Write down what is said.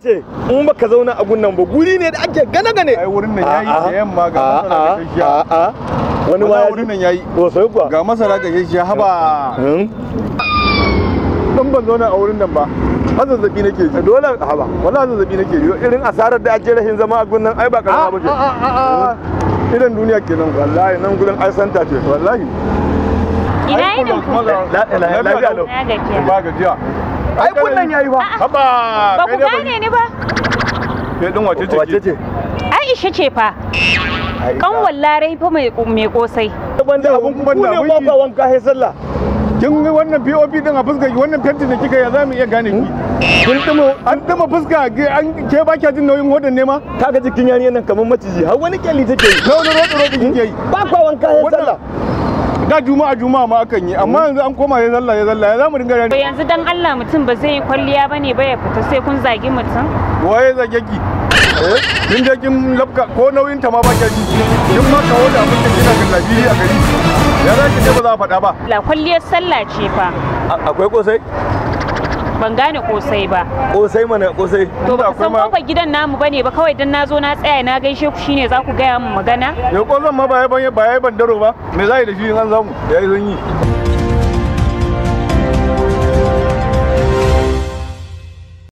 ce in baka zauna a gunnan ba guri ne da ake gane gane ai wurin nan yayi da yamma ga masara ga shiya a wani ma wurin nan yayi to sai kuwa ga masara ga shiya haba hmm? dan ban zauna a wurin nan ba Hazan zabi nake ji dole haba wallahi zabi nake ji irin asarar da ake rahin zama a gunnan ai ba karama ba ce hmm? irin duniya kenan wallahi nan gurin ai santa ce wallahi ina yi da ku lafiya lau ba gajiya ai kunnan yayi ba haba ba ku gane ni ba ke din wace ce wace ce Aisha ce fa kan wallare fa mai mai kosai ban da abun kuma da ku ne wanka he sallah kin ga wannan POP din a fuska ki wannan fenti da kika ya za mu iya gane ki kin dumo an dumo fuska an ke ba kya jin nauyin hodan ne ma kaga jikin yarinya nan kamar maciji har wani kyalli take yi na wani rodo kike yi ba kwa wanka sai sallah da juma'a juma'a ma akan yi amma yanzu an koma ya zalla ya zalla ya zamu dinga rani yanzu dan Allah mutum ba zai yi kwalliya bane ba ya fita sai kun zagi mutum waye zage ki eh kin je kin labka ko nauyin ta ma ba ki kin ma kawo da abin da kina ga a gari ya zaki ce ba za a faɗa ba la kwalliyar sallah ce fa akwai kosai ban gane kosai ba kosai mana kosai to ba san kofar gidan namu bane ba kawai dan nazo na tsaya na gaishe ku shine za ku gaya min magana yau kozon ma ba ya ban ya ban daro ba me za yi da shi in an zamu yayi zan yi